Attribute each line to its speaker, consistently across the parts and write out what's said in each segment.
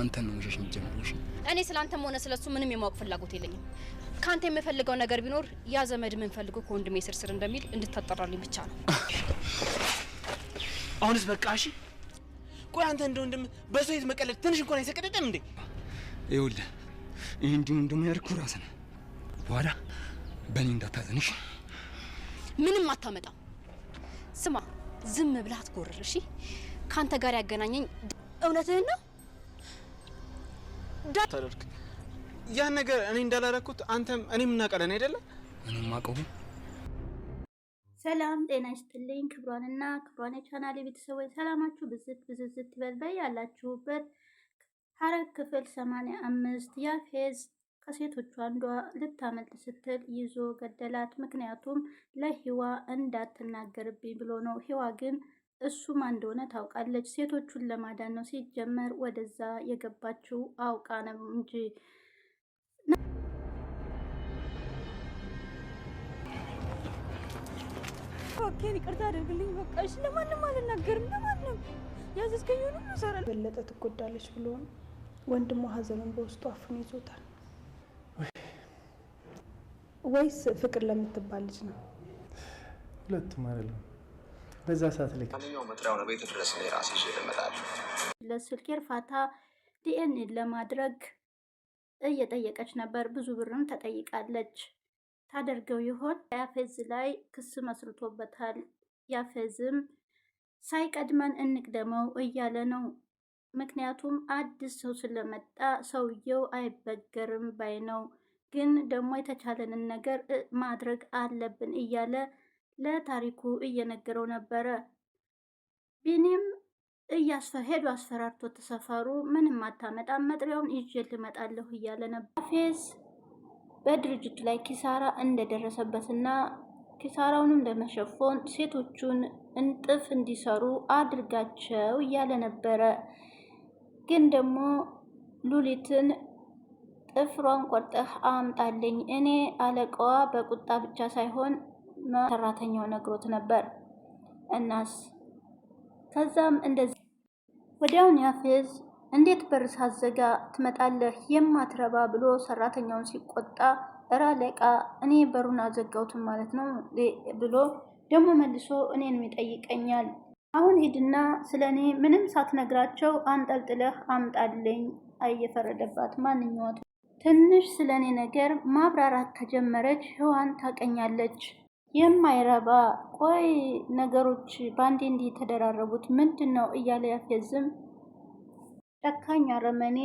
Speaker 1: አንተን ነው መሸሽ የሚጀምርሽ።
Speaker 2: እኔ ስለ አንተም ሆነ ስለሱ ምንም የማወቅ ፍላጎት የለኝም። ከአንተ የምፈልገው ነገር ቢኖር ያ ዘመድ ምን ፈልጎ ከወንድሜ ስር ስር እንደሚል እንድታጠራልኝ ብቻ ነው።
Speaker 3: አሁንስ በቃ እሺ። ቆይ አንተ እንደ ወንድም በሰው ቤት መቀለድ ትንሽ እንኳን አይሰቀደደም እንዴ?
Speaker 1: ይኸውልህ እንዲሁ እንደሚያደርኩ ራስህ ነህ። በኋላ በእኔ እንዳታዘንሽ።
Speaker 2: ምንም አታመጣም። ስማ፣ ዝም ብለህ አትጎርር እሺ። ከአንተ ጋር ያገናኘኝ እውነትህን ነው
Speaker 3: ታደርግ ያን ነገር እኔ እንዳላረኩት አንተም እኔም እናውቃለን አይደለ?
Speaker 1: እኔም አቀቡ።
Speaker 4: ሰላም ጤና ይስጥልኝ። ክብሯንና ክብሯን የቻናል ቤተሰቦች ሰላማችሁ ብዝት ብዝዝት ይበልበይ ያላችሁበት ሐረግ ክፍል ሰማንያ አምስት ያፌዝ ከሴቶቹ አንዷ ልታመልጥ ስትል ይዞ ገደላት። ምክንያቱም ለሂዋ እንዳትናገርብኝ ብሎ ነው። ሂዋ ግን እሱም እንደሆነ ታውቃለች። ሴቶቹን ለማዳን ነው። ሲጀመር ወደዛ የገባችው አውቃ ነው እንጂ
Speaker 2: ኦኬን ይቅርታ አድርግልኝ። በቃ እሺ፣ ለማንም አልናገርም፣ ለማንም ያዘዝከኝ ሁሉ እሰራለሁ።
Speaker 5: በለጠ ትጎዳለች ብሎን ወንድሟ ሀዘኑን በውስጡ አፍኖ ይዞታል። ወይስ ፍቅር ለምትባል ልጅ ነው?
Speaker 1: ሁለቱም አይደለም። በዛ ሰዓት ላይ
Speaker 4: ለስልኬር ፋታ ዲኤንኤ ለማድረግ እየጠየቀች ነበር። ብዙ ብርም ተጠይቃለች። ታደርገው ይሆን? ያፌዝ ላይ ክስ መስርቶበታል። ያፌዝም ሳይቀድመን እንቅደመው እያለ ነው። ምክንያቱም አዲስ ሰው ስለመጣ ሰውየው አይበገርም ባይ ነው። ግን ደግሞ የተቻለንን ነገር ማድረግ አለብን እያለ ለታሪኩ እየነገረው ነበረ። ቢኒም ሄዶ አስፈራርቶ ተሰፈሩ ምንም አታመጣም፣ መጥሪያውን ይዤ ልመጣለሁ እያለ ነበር። ፌዝ በድርጅቱ ላይ ኪሳራ እንደደረሰበትና ኪሳራውንም ለመሸፎን ሴቶቹን እንጥፍ እንዲሰሩ አድርጋቸው እያለ ነበረ። ግን ደግሞ ሉሊትን ጥፍሯን ቆርጠህ አምጣልኝ፣ እኔ አለቃዋ በቁጣ ብቻ ሳይሆን ሰራተኛው ነግሮት ነበር። እናስ ከዛም እንደዚህ ወዲያውን ያፌዝ እንዴት በር ሳዘጋ ትመጣለህ የማትረባ ብሎ ሰራተኛውን ሲቆጣ እራ ለቃ እኔ በሩን አዘጋሁትን ማለት ነው ብሎ ደግሞ መልሶ እኔንም ይጠይቀኛል። አሁን ሂድና ስለ እኔ ምንም ሳትነግራቸው አንጠልጥለህ አምጣልኝ። አየፈረደባት ማንኛዋ ትንሽ ስለ እኔ ነገር ማብራራት ከጀመረች ህዋን ታቀኛለች። የማይረባ ቆይ ነገሮች በአንዴ እንዲህ የተደራረቡት ምንድን ነው እያለ ያፌዝም ጨካኝ አረመኔ።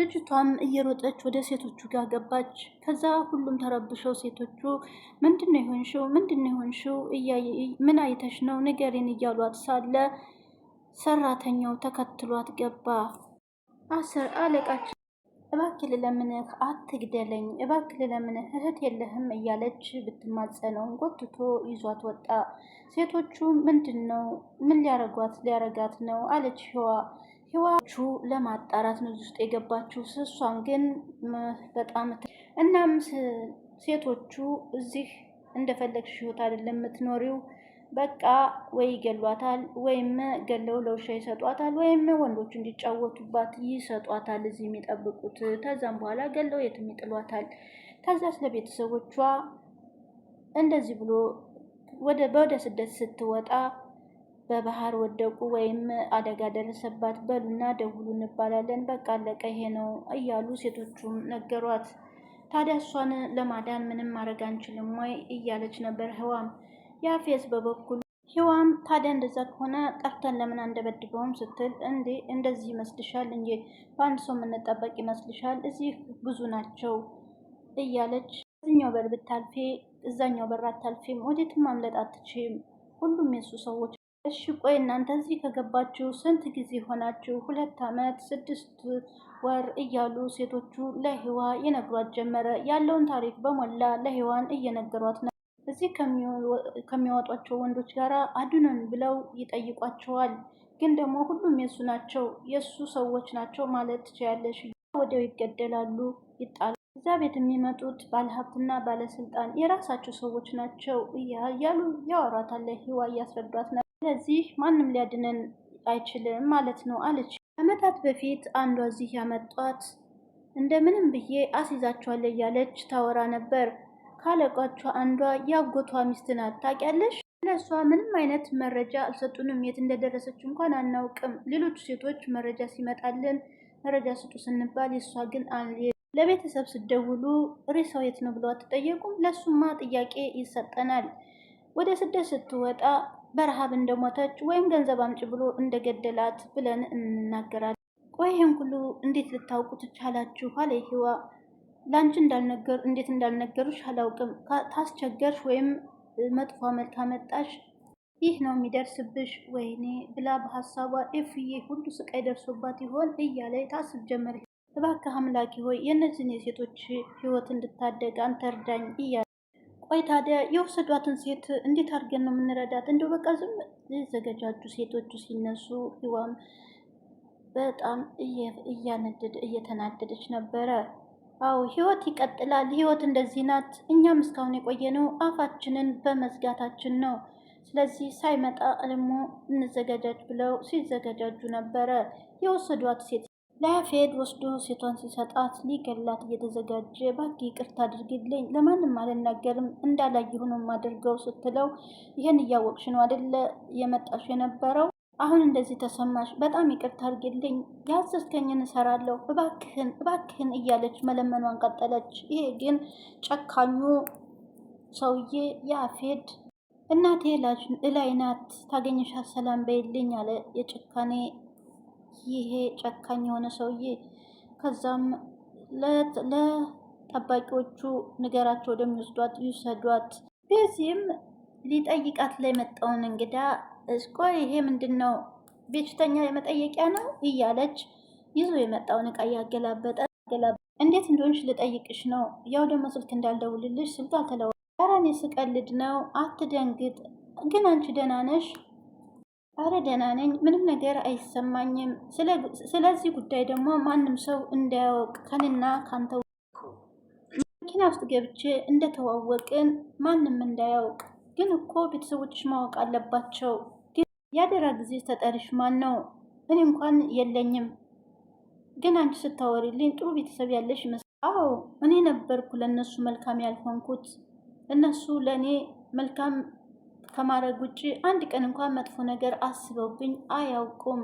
Speaker 4: ልጅቷም እየሮጠች ወደ ሴቶቹ ጋር ገባች። ከዛ ሁሉም ተረብሸው ሴቶቹ ምንድን ነው የሆንሽው? ምንድን ነው የሆንሽው? ምን አይተሽ ነው ንገሪን እያሏት ሳለ ሰራተኛው ተከትሏት ገባ። አስር አለቃች እባክህ ልለምንህ አትግደለኝ፣ እባክህ ልለምንህ እህት የለህም እያለች ብትማጸነውን ጎትቶ ይዟት ወጣ። ሴቶቹ ምንድን ነው ምን ሊያረጓት ሊያረጋት ነው አለች ህዋ ህዋቹ ለማጣራት ነው ውስጥ የገባችው። ስሷን ግን በጣም እናም ሴቶቹ እዚህ እንደፈለግሽ ህይወት አይደለም የምትኖሪው በቃ ወይ ይገሏታል፣ ወይም ገለው ለውሻ ይሰጧታል፣ ወይም ወንዶቹ እንዲጫወቱባት ይሰጧታል። እዚህ የሚጠብቁት ከዛም በኋላ ገለው የትም ይጥሏታል። ከዛ ስለ ቤተሰቦቿ እንደዚህ ብሎ ወደ በወደ ስደት ስትወጣ በባህር ወደቁ ወይም አደጋ ደረሰባት። በሉና ደውሉ እንባላለን፣ በቃ አለቀ፣ ይሄ ነው እያሉ ሴቶቹም ነገሯት። ታዲያ እሷን ለማዳን ምንም ማድረግ አንችልም ወይ እያለች ነበር ህዋም ያፌዝ በበኩል ህዋም ታዲያ እንደዛ ከሆነ ጠርተን ለምን አንደበድበውም ስትል እንዴ እንደዚህ ይመስልሻል እንጂ በአንድ ሰው የምንጠበቅ ይመስልሻል? እዚህ ብዙ ናቸው እያለች እዚኛው በር ብታልፌ እዛኛው በር አታልፌም፣ ወዴትም ማምለጥ አትችም። ሁሉም የሱ ሰዎች እሺ ቆይ እናንተ እዚህ ከገባችሁ ስንት ጊዜ ሆናችሁ? ሁለት ዓመት ስድስት ወር እያሉ ሴቶቹ ለህዋ ይነግሯት ጀመረ። ያለውን ታሪክ በሞላ ለህዋን እየነገሯት ነው። እዚህ ከሚያወጧቸው ወንዶች ጋር አድኑን ብለው ይጠይቋቸዋል። ግን ደግሞ ሁሉም የእሱ ናቸው የእሱ ሰዎች ናቸው ማለት ትችያለሽ። ወዲያው ይገደላሉ፣ ይጣሉ። እዛ ቤት የሚመጡት ባለሀብትና ባለስልጣን የራሳቸው ሰዎች ናቸው እያሉ ያወራታል። ህዋ እያስረዷት ነው። ስለዚህ ማንም ሊያድነን አይችልም ማለት ነው አለች። ከዓመታት በፊት አንዷ እዚህ ያመጧት እንደምንም ብዬ አስይዛቸዋለሁ እያለች ታወራ ነበር። ካለቆቿ አንዷ የአጎቷ ሚስት ናት። ታውቂያለሽ? ለእሷ ምንም አይነት መረጃ አልሰጡንም። የት እንደደረሰች እንኳን አናውቅም። ሌሎቹ ሴቶች መረጃ ሲመጣልን መረጃ ስጡ ስንባል የእሷ ግን አልሄድም። ለቤተሰብ ስደውሉ ሬሳው የት ነው ብለው አትጠየቁም? ለእሱማ ጥያቄ ይሰጠናል። ወደ ስደት ስትወጣ በረሃብ እንደሞተች ወይም ገንዘብ አምጭ ብሎ እንደገደላት ብለን እንናገራለን። ቆይ ይህን ሁሉ እንዴት ልታውቁ ትቻላችሁ? አለ ህዋ ለአንቺ እንዳልነገር እንዴት እንዳልነገሩሽ አላውቅም። ታስቸገርሽ ወይም መጥፎ መልክ አመጣሽ ይህ ነው የሚደርስብሽ፣ ወይኔ ብላ በሀሳቧ ኤፍዬ ሁሉ ስቃይ ደርሶባት ይሆን እያለ ታስብ ጀመር። እባክህ አምላኪ ሆይ የእነዚህን የሴቶች ህይወት እንድታደግ አንተ እርዳኝ እያለ ቆይ ታዲያ የወሰዷትን ሴት እንዴት አድርገን ነው የምንረዳት? እንደው በቃ ዝም የዘገጃጁ ሴቶቹ ሲነሱ ህዋም በጣም እያነደደ እየተናደደች ነበረ። አዎ ህይወት ይቀጥላል። ህይወት እንደዚህ ናት። እኛም እስካሁን የቆየነው አፋችንን በመዝጋታችን ነው። ስለዚህ ሳይመጣ ደግሞ እንዘጋጃጅ ብለው ሲዘጋጃጁ ነበረ። የወሰዷት ሴት ለያፌድ ወስዶ ሴቷን ሲሰጣት ሊገላት እየተዘጋጀ ባክ ይቅርታ አድርግልኝ፣ ለማንም አልናገርም እንዳላየሁ ነው የማደርገው ስትለው ይህን እያወቅሽ ነው አደለ የመጣሽ የነበረው አሁን እንደዚህ ተሰማሽ፣ በጣም ይቅርታ አድርጌልኝ ያዘዝከኝን እሰራለሁ፣ እባክህን እባክህን እያለች መለመኗን ቀጠለች። ይሄ ግን ጨካኙ ሰውዬ ያፌድ እናቴ እላይ ናት ታገኘሻት፣ ሰላም በይልኝ አለ የጭካኔ ይሄ ጨካኝ የሆነ ሰውዬ። ከዛም ለጠባቂዎቹ ንገራቸው ወደሚወስዷት ይውሰዷት። በዚህም ሊጠይቃት ላይ መጣውን እንግዳ እስቆ ይሄ ምንድን ነው ቤቱተኛ የመጠየቂያ ነው እያለች ይዞ የመጣውን እቃ እያገላበጠ እንዴት እንደሆንሽ ልጠይቅሽ ነው። ያው ደግሞ ስልክ እንዳልደውልልሽ ስልክ አልተለወ አራኔ ስቀልድ ነው። አትደንግጥ። ግን አንቺ ደህና ነሽ? አረ ደህና ነኝ፣ ምንም ነገር አይሰማኝም። ስለዚህ ጉዳይ ደግሞ ማንም ሰው እንዳያወቅ ከንና ካንተ መኪና ውስጥ ገብቼ እንደተዋወቅን ማንም እንዳያውቅ። ግን እኮ ቤተሰቦችሽ ማወቅ አለባቸው። የአደራ ጊዜ ተጠሪሽ ማን ነው? እኔ እንኳን የለኝም፣ ግን አንቺ ስታወሪልኝ ጥሩ ቤተሰብ ያለሽ ይመስል። አዎ እኔ ነበርኩ ለእነሱ መልካም ያልሆንኩት። እነሱ ለእኔ መልካም ከማድረግ ውጭ አንድ ቀን እንኳን መጥፎ ነገር አስበውብኝ አያውቁም።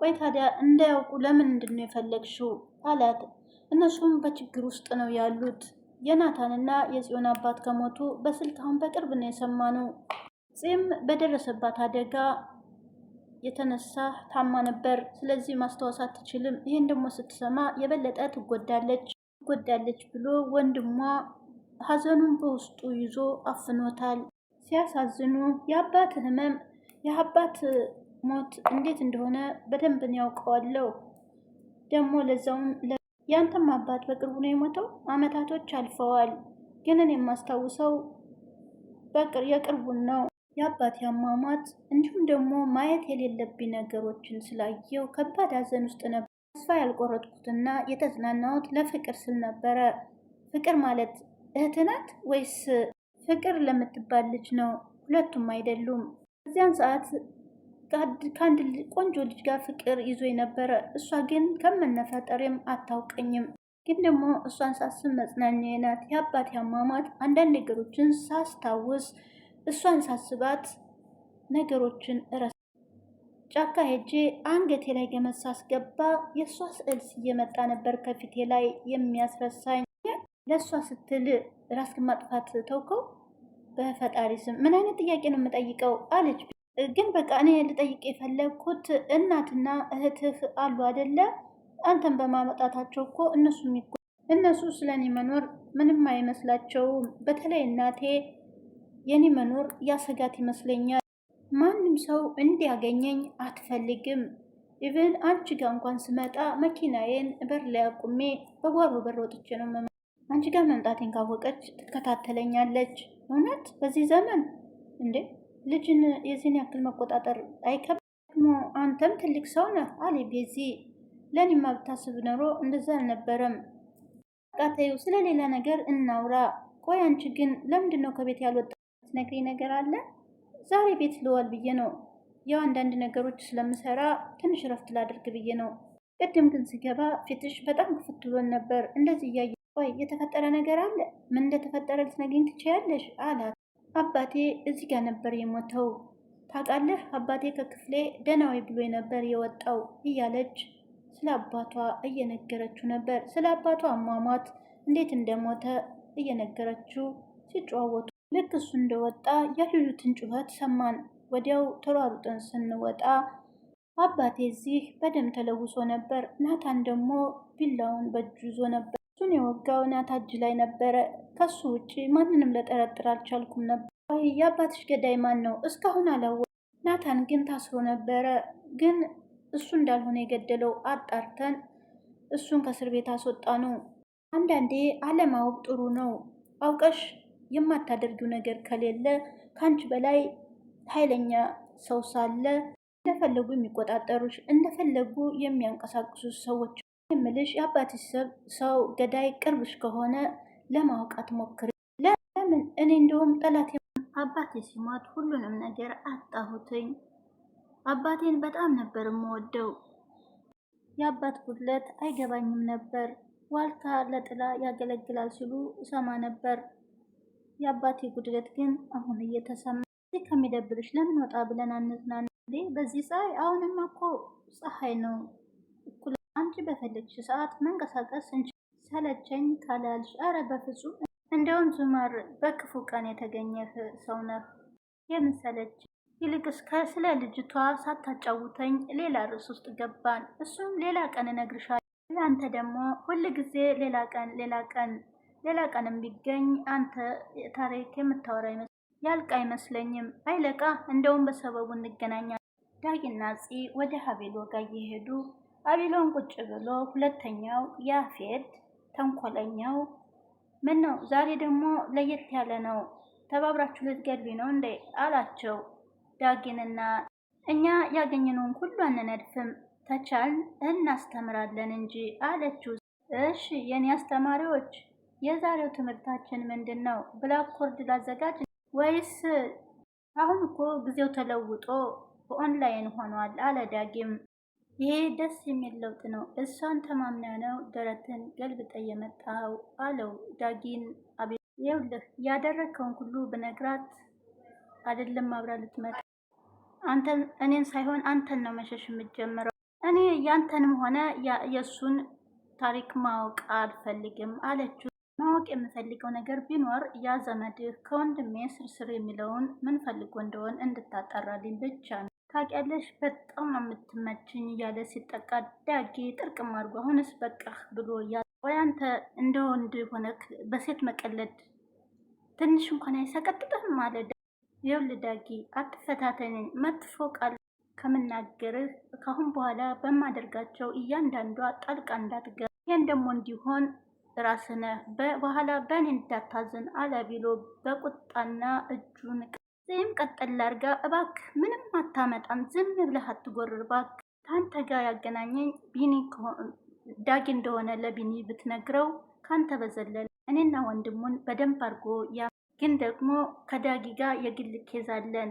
Speaker 4: ቆይ ታዲያ እንዳያውቁ ለምንድን ነው የፈለግሽው? አላት። እነሱም በችግር ውስጥ ነው ያሉት። የናታንና የጽዮን አባት ከሞቱ በስልክ አሁን በቅርብ ነው የሰማነው። ፂም በደረሰባት አደጋ የተነሳ ታማ ነበር። ስለዚህ ማስታወስ አትችልም። ይህን ደግሞ ስትሰማ የበለጠ ትጎዳለች ትጎዳለች ብሎ ወንድሟ ሀዘኑን በውስጡ ይዞ አፍኖታል። ሲያሳዝኑ የአባት ህመም የአባት ሞት እንዴት እንደሆነ በደንብ ያውቀዋለሁ። ደግሞ ለዛውም ያንተም አባት በቅርቡ ነው የሞተው። አመታቶች አልፈዋል፣ ግን እኔ የማስታውሰው የቅርቡን ነው። የአባቴ አሟሟት እንዲሁም ደግሞ ማየት የሌለብኝ ነገሮችን ስላየው ከባድ ሀዘን ውስጥ ነበር። ተስፋ ያልቆረጥኩትና የተዝናናሁት ለፍቅር ስል ነበረ። ፍቅር ማለት እህት ናት ወይስ ፍቅር ለምትባል ልጅ ነው? ሁለቱም አይደሉም። እዚያን ሰዓት ከአንድ ቆንጆ ልጅ ጋር ፍቅር ይዞ የነበረ እሷ ግን ከመነፈጠሬም አታውቀኝም። ግን ደግሞ እሷን ሳስብ መጽናኛዬ ናት። የአባቴ አሟሟት አንዳንድ ነገሮችን ሳስታውስ እሷን ሳስባት ነገሮችን እረ ጫካ ሄጄ አንገቴ ላይ ገመድ ሳስገባ የእሷ ስዕል እየመጣ ነበር ከፊቴ ላይ የሚያስረሳኝ። ለእሷ ስትል ራስክን ማጥፋት ተውከው። በፈጣሪ ስም ምን አይነት ጥያቄ ነው የምጠይቀው? አለች። ግን በቃ እኔ ልጠይቅ የፈለግኩት እናትና እህትህ አሉ አይደለ? አንተን በማመጣታቸው እኮ እነሱ እነሱ ስለኔ መኖር ምንም አይመስላቸውም። በተለይ እናቴ የኔ መኖር ያሰጋት ይመስለኛል። ማንም ሰው እንዲያገኘኝ አትፈልግም። ኢቨን አንቺ ጋ እንኳን ስመጣ መኪናዬን በር ላይ አቁሜ በጓሮ በር ወጥቼ ነው መመ አንቺ ጋር መምጣቴን ካወቀች ትከታተለኛለች። እውነት በዚህ ዘመን እንዴ ልጅን የዚህን ያክል መቆጣጠር አይከብድም። አንተም ትልቅ ሰው ነህ አለ ቤዚ። ለእኔማ ብታስብ ኖሮ እንደዛ አልነበረም። ቃተዩ ስለ ሌላ ነገር እናውራ። ቆይ አንቺ ግን ለምንድን ነው ከቤት ያልወጣ? የምትነግሪኝ ነገር አለ? ዛሬ ቤት ልዋል ብዬ ነው። ያው አንዳንድ ነገሮች ስለምሰራ ትንሽ ረፍት ላድርግ ብዬ ነው። ቅድም ግን ስገባ ፊትሽ በጣም ክፍት ብሎን ነበር። እንደዚህ እያየ ወይ የተፈጠረ ነገር አለ? ምን እንደተፈጠረ ልትነግሪኝ ትችያለሽ? አላት። አባቴ እዚህ ጋር ነበር የሞተው ታውቃለህ። አባቴ ከክፍሌ ደህናዊ ብሎ ነበር የወጣው እያለች ስለ አባቷ እየነገረችው ነበር። ስለ አባቷ አሟሟት እንዴት እንደሞተ እየነገረችው ሲጨዋወቱ ልክ እሱ እንደወጣ የልሉትን ጩኸት ሰማን። ወዲያው ተሯሩጠን ስንወጣ አባቴ እዚህ በደም ተለውሶ ነበር። ናታን ደግሞ ቢላውን በእጁ ይዞ ነበር። እሱን የወጋው ናታ እጅ ላይ ነበረ። ከሱ ውጭ ማንንም ለጠረጥር አልቻልኩም ነበር። ወይ የአባትሽ ገዳይ ማን ነው? እስካሁን አላወ ናታን ግን ታስሮ ነበረ። ግን እሱ እንዳልሆነ የገደለው አጣርተን እሱን ከእስር ቤት አስወጣ ነው። አንዳንዴ አለማወቅ ጥሩ ነው። አውቀሽ የማታደርጊው ነገር ከሌለ ከአንቺ በላይ ኃይለኛ ሰው ሳለ እንደፈለጉ የሚቆጣጠሩሽ እንደፈለጉ የሚያንቀሳቅሱ ሰዎች የምልሽ የአባትሽ ሰው ገዳይ ቅርብሽ ከሆነ ለማወቅ አትሞክሪ። ለምን እኔ እንደውም ጠላት አባቴ ሲሞት ሁሉንም ነገር አጣሁትኝ። አባቴን በጣም ነበር የምወደው። የአባት ጉድለት አይገባኝም ነበር። ዋልታ ለጥላ ያገለግላል ሲሉ እሰማ ነበር። የአባቴ ጉድለት ግን አሁን እየተሰማ ከሚደብርሽ ለምን ወጣ ብለን አንዝናና በዚህ ፀሐይ አሁንም እኮ ፀሐይ ነው እኩል። አንቺ በፈለግሽ ሰዓት መንቀሳቀስ እንች ሰለቸኝ ካላልሽ፣ አረ በፍጹም እንደውም ዙመር በክፉ ቀን የተገኘ ሰው ነህ። የምሰለች ይልቅስ ከስለ ልጅቷ ሳታጫውተኝ ሌላ ርዕስ ውስጥ ገባን። እሱም ሌላ ቀን እነግርሻለሁ። አንተ ደግሞ ጊዜ ሌላ ቀን ሌላ ቀን ሌላ ቀንም ቢገኝ አንተ ታሪክ የምታወራ ያልቃ አይመስለኝም። አይለቃ እንደውም በሰበቡ እንገናኛለን። ዳጊና ፂ ወደ ሀቤሎ ጋር እየሄዱ አቤሎን ቁጭ ብሎ ሁለተኛው ያፌድ ተንኮለኛው ምን ነው ዛሬ ደግሞ ለየት ያለ ነው፣ ተባብራችሁ ልትገድቢ ነው እንዴ አላቸው ዳጊንና እኛ ያገኘነውን ሁሉ አንነድፍም፣ ተቻልን እናስተምራለን እንጂ አለችው። እሺ የኔ አስተማሪዎች የዛሬው ትምህርታችን ምንድን ነው? ብላክቦርድ ላዘጋጅ ወይስ? አሁን እኮ ጊዜው ተለውጦ በኦንላይን ሆኗል አለ ዳጊም። ይሄ ደስ የሚል ለውጥ ነው። እሷን ተማምና ነው ደረትን ገልብጠ የመጣው አለው ዳጊን። ይኸውልህ ያደረግከውን ሁሉ ብነግራት አይደለም አብራ ልትመጣ አንተን እኔን ሳይሆን አንተን ነው መሸሽ የምትጀምረው። እኔ ያንተንም ሆነ የእሱን ታሪክ ማወቅ አልፈልግም አለችው። ማወቅ የምፈልገው ነገር ቢኖር ያ ዘመድህ ከወንድሜ ስርስር የሚለውን ምን ፈልጎ እንደሆን እንድታጣራልኝ ብቻ ነው። ታውቂያለሽ፣ በጣም የምትመችኝ እያለ ሲጠቃ ዳጌ ጥርቅም አድርጎ አሁንስ በቃህ ብሎ ያ ወይ አንተ እንደ ወንድ ሆነክ በሴት መቀለድ ትንሽ እንኳን አይሰቀጥጥህም አለ። የውል ዳጌ፣ አትፈታተኝ። መጥፎ ቃል ከምናገርህ ከአሁን በኋላ በማደርጋቸው እያንዳንዷ ጣልቃ እንዳትገባ። ይህን ደግሞ እንዲሆን ራስነ በኋላ በእኔ እንዳታዝን አለ ቢሎ በቁጣና እጁን ዚህም ቀጠል አርጋ እባክ ምንም አታመጣም፣ ዝም ብለህ አትጎርር፣ እባክህ ከአንተ ጋር ያገናኘኝ ቢኒ ዳጊ እንደሆነ ለቢኒ ብትነግረው ካንተ በዘለል እኔና ወንድሙን በደንብ አድርጎ ያ ግን ደግሞ ከዳጊ ጋር የግል ኬዝ አለን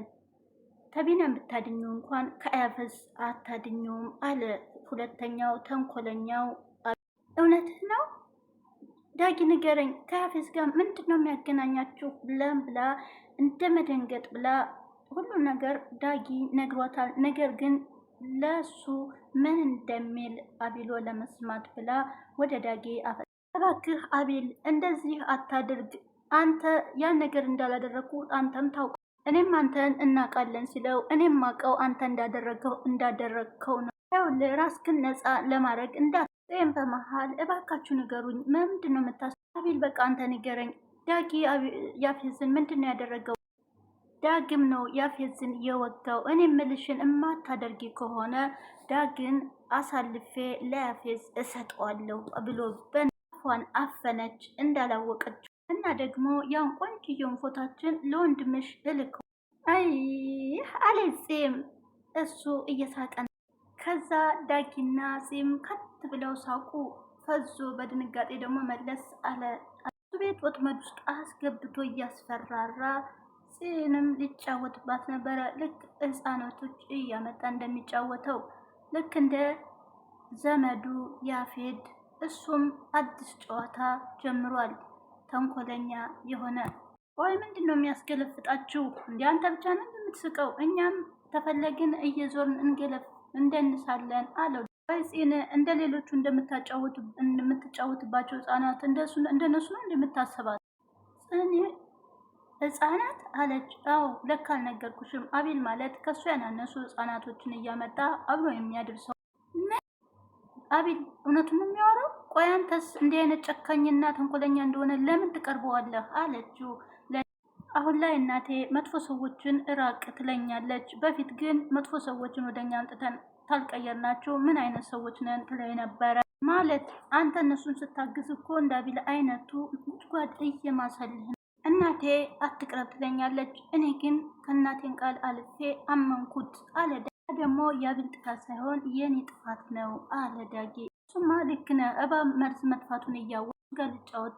Speaker 4: ከቢና ብታድኙ እንኳን ከአያፈዝ አታድኙም አለ ሁለተኛው ተንኮለኛው። እውነትህ ነው ዳጊ ንገረኝ፣ ከሀፌዝ ጋር ምንድን ነው የሚያገናኛችሁ? ብለን ብላ እንደ መደንገጥ ብላ ሁሉ ነገር ዳጊ ነግሯታል። ነገር ግን ለሱ ምን እንደሚል አቢሎ ለመስማት ብላ ወደ ዳጊ አፈ እባክህ አቢል እንደዚህ አታድርግ፣ አንተ ያን ነገር እንዳላደረግኩ አንተም ታውቀ እኔም አንተን እናውቃለን ሲለው እኔም አውቀው አንተ እንዳደረግከው ነው ራስክን ነፃ ለማድረግ እንዳ ጽዮን በመሃል እባካችሁ ንገሩኝ፣ ምንድን ነው የምታስ አቤል፣ በቃ አንተ ንገረኝ። ዳጊ ያፌዝን ምንድን ነው ያደረገው? ዳግም ነው ያፌዝን የወጋው። እኔ ምልሽን እማታደርጊ ከሆነ ዳግን አሳልፌ ለያፌዝ እሰጠዋለሁ ብሎ በናፏን አፈነች እንዳላወቀች እና ደግሞ ያን ቆንጆውን ፎታችን ለወንድምሽ እልከው። አይ አለ ጽም እሱ እየሳቀን ከዛ ዳጊና ፂም ከት ብለው ሳቁ። ፈዞ በድንጋጤ ደግሞ መለስ አለ። እሱ ቤት ወጥመድ ውስጥ አስገብቶ እያስፈራራ ፂንም ሊጫወትባት ነበረ። ልክ ህፃናቶች እያመጣ እንደሚጫወተው ልክ እንደ ዘመዱ ያፌድ እሱም አዲስ ጨዋታ ጀምሯል። ተንኮለኛ የሆነ ወይ ምንድን ነው የሚያስገለፍጣችሁ? እንደ አንተ ብቻ ነው የምትስቀው? እኛም ተፈለግን እየዞርን እንገለፍ እንደንሳለን አለው። በፂን እንደ ሌሎቹ እንደምትጫወትባቸው ህጻናት እንደነሱ ነው እንደምታስባት ጽን ህጻናት አለች። አዎ ለካ አልነገርኩሽም። አቤል ማለት ከሱ ያናነሱ ህጻናቶችን እያመጣ አብሮ የሚያድር ሰው። አቤል እውነቱን የሚያወራው ቆይ፣ አንተስ እንዲህ አይነት ጨካኝና ተንኮለኛ እንደሆነ ለምን ትቀርበዋለህ? አለችው አሁን ላይ እናቴ መጥፎ ሰዎችን እራቅ ትለኛለች። በፊት ግን መጥፎ ሰዎችን ወደ እኛ አምጥተን ታልቀየርናቸው ምን አይነት ሰዎች ነን ትለይ ነበረ። ማለት አንተ እነሱን ስታግዝ እኮ እንዳቢል አይነቱ ጓድ እየማሰልህ እናቴ አትቅረብ ትለኛለች። እኔ ግን ከእናቴን ቃል አልፌ አመንኩት አለ። ደግሞ የአቢል ጥፋት ሳይሆን የኔ ጥፋት ነው አለ ዳጌ። እሱማ ልክ ነህ። እባብ መርዝ መጥፋቱን እያወቅህ ጋር ልጫወት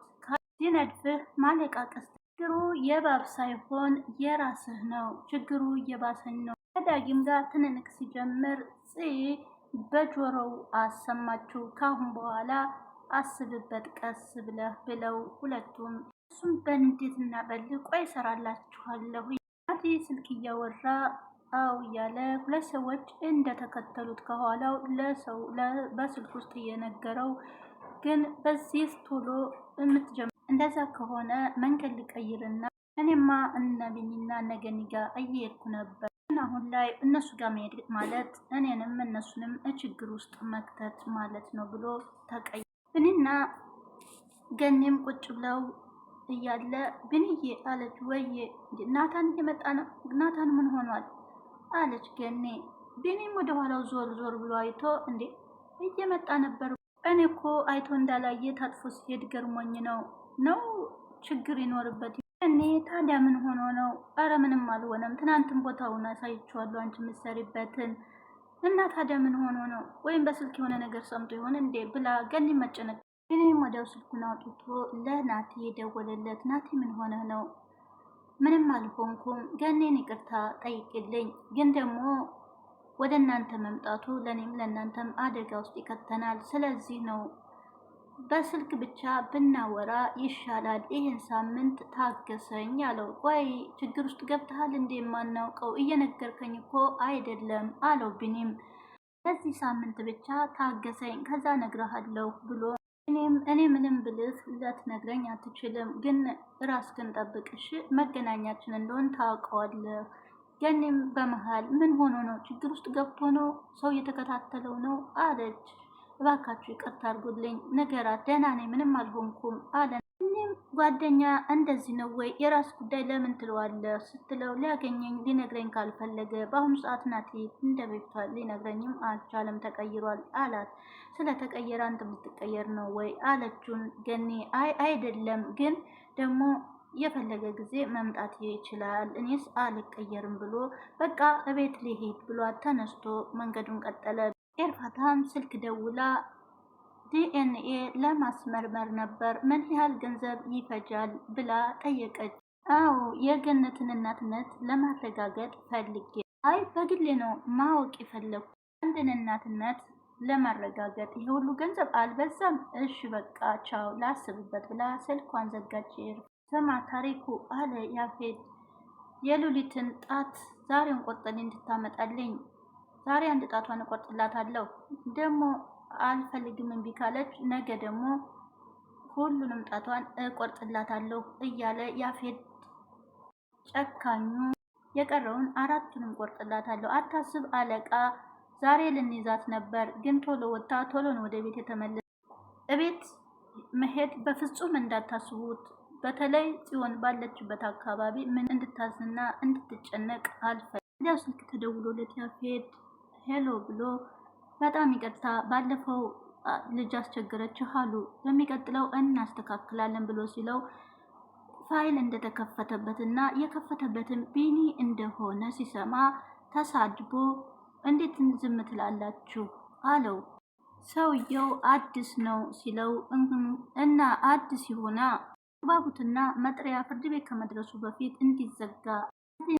Speaker 4: ሲነድፍህ ማለቃቀስ ችግሩ የባብ ሳይሆን የራስህ ነው። ችግሩ የባሰኝ ነው። ከዳጊም ጋር ትንንቅ ሲጀምር ጽ በጆሮው አሰማችው። ካሁን በኋላ አስብበት ቀስ ብለህ ብለው ሁለቱም እሱም በንዴት እና በልቆ ይሰራላችኋለሁ ናቲ ስልክ እያወራ አው እያለ ሁለት ሰዎች እንደተከተሉት ከኋላው ለሰው በስልክ ውስጥ እየነገረው ግን በዚህ ቶሎ የምትጀምር እንደዛ ከሆነ መንገድ ልቀይርና እኔማ እነ ቢኒና እነ ገኒ ጋር እየሄድኩ ነበር። አሁን ላይ እነሱ ጋር መሄድ ማለት እኔንም እነሱንም እችግር ውስጥ መክተት ማለት ነው ብሎ ተቀይ ቢኒና ገኒም ቁጭ ብለው እያለ ብንዬ አለች። ወይ ናታን እየመጣ ነው። ናታን ምን ሆኗል አለች ገኔ ቢኒም ወደ ኋላው ዞር ዞር ብሎ አይቶ እንዴ እየመጣ ነበር እኔ እኮ አይቶ እንዳላየ ታጥፎ ሲሄድ ገርሞኝ ነው ነው ችግር ይኖርበት እኔ ታዲያ ምን ሆኖ ነው? አረ ምንም አልሆነም። ትናንትን ቦታውን አሳይቼዋለሁ አንቺ የምትሰሪበትን እና ታዲያ ምን ሆኖ ነው? ወይም በስልክ የሆነ ነገር ሰምቶ ይሆን እንዴ ብላ ገኒ መጨነቅ እኔም ወዲያው ስልኩን አውጥቶ ለናቲ የደወለለት ናቲ ምን ሆነ ነው? ምንም አልሆንኩም፣ ገኔን ይቅርታ ጠይቅልኝ፣ ግን ደግሞ ወደ እናንተ መምጣቱ ለእኔም ለእናንተም አደጋ ውስጥ ይከተናል። ስለዚህ ነው በስልክ ብቻ ብናወራ ይሻላል። ይህን ሳምንት ታገሰኝ አለው። ቆይ ችግር ውስጥ ገብተሃል እንዴ? የማናውቀው እየነገርከኝ እኮ አይደለም አለው። ቢኒም በዚህ ሳምንት ብቻ ታገሰኝ፣ ከዛ ነግረሃለሁ ብሎ እኔ ምንም ብልህ ልትነግረኝ አትችልም፣ ግን ራስህን ጠብቅ እሺ። መገናኛችን እንደሆን ታውቀዋለህ። ያኔም በመሃል ምን ሆኖ ነው? ችግር ውስጥ ገብቶ ነው? ሰው እየተከታተለው ነው አለች። እባካችሁ ይቅርታ አድርጉልኝ፣ ነገራት ደህና ነኝ፣ ምንም አልሆንኩም አለ። እኔም ጓደኛ እንደዚህ ነው ወይ የራስ ጉዳይ ለምን ትለዋለህ ስትለው ሊያገኘኝ ሊነግረኝ ካልፈለገ በአሁኑ ሰዓት ናቲ እንደ በፊቷ ሊነግረኝም አልቻለም፣ ተቀይሯል አላት። ስለተቀየረ አንተ የምትቀየር ነው ወይ አለችን ገኒ አይ አይደለም፣ ግን ደግሞ የፈለገ ጊዜ መምጣት ይችላል፣ እኔስ አልቀየርም ብሎ በቃ እቤት ሊሄድ ብሏት ተነስቶ መንገዱን ቀጠለ። ኤርፋታም ስልክ ደውላ ዲኤንኤ ለማስመርመር ነበር ምን ያህል ገንዘብ ይፈጃል ብላ ጠየቀች። አዎ የገነትን እናትነት ለማረጋገጥ ፈልጌ አይ በግሌ ነው ማወቅ የፈለግኩ አንድን እናትነት ለማረጋገጥ ይሄ ሁሉ ገንዘብ አልበዛም? እሺ በቃ ቻው ላስብበት ብላ ስልኳን ዘጋች። ስማ ታሪኩ አለ ያፌት የሉሊትን ጣት ዛሬውን ቆጠል እንድታመጣልኝ ዛሬ አንድ ጣቷን እቆርጥላታለሁ። ደግሞ አልፈልግም እምቢ ካለች ነገ ደግሞ ሁሉንም ጣቷን እቆርጥላታለሁ እያለ ያፌድ ጨካኙ የቀረውን አራቱንም ቆርጥላታለሁ። አታስብ አለቃ፣ ዛሬ ልንይዛት ነበር፣ ግን ቶሎ ወጥታ ነው ወደ ቤት የተመለሰ እቤት መሄድ በፍጹም እንዳታስቡት። በተለይ ጽዮን ባለችበት አካባቢ ምን እንድታዝና እንድትጨነቅ አልፈ ወዲያው ስልክ ተደውሎለት ሄሎ ብሎ በጣም ይቅርታ ባለፈው ልጅ አስቸገረችህ አሉ፣ በሚቀጥለው እናስተካክላለን ብሎ ሲለው ፋይል እንደተከፈተበትና የከፈተበትን ቢኒ እንደሆነ ሲሰማ ተሳድቦ እንዴት ዝም ትላላችሁ አለው። ሰውየው አዲስ ነው ሲለው እና አዲስ ይሆና ባቡትና መጥሪያ ፍርድ ቤት ከመድረሱ በፊት እንዲዘጋ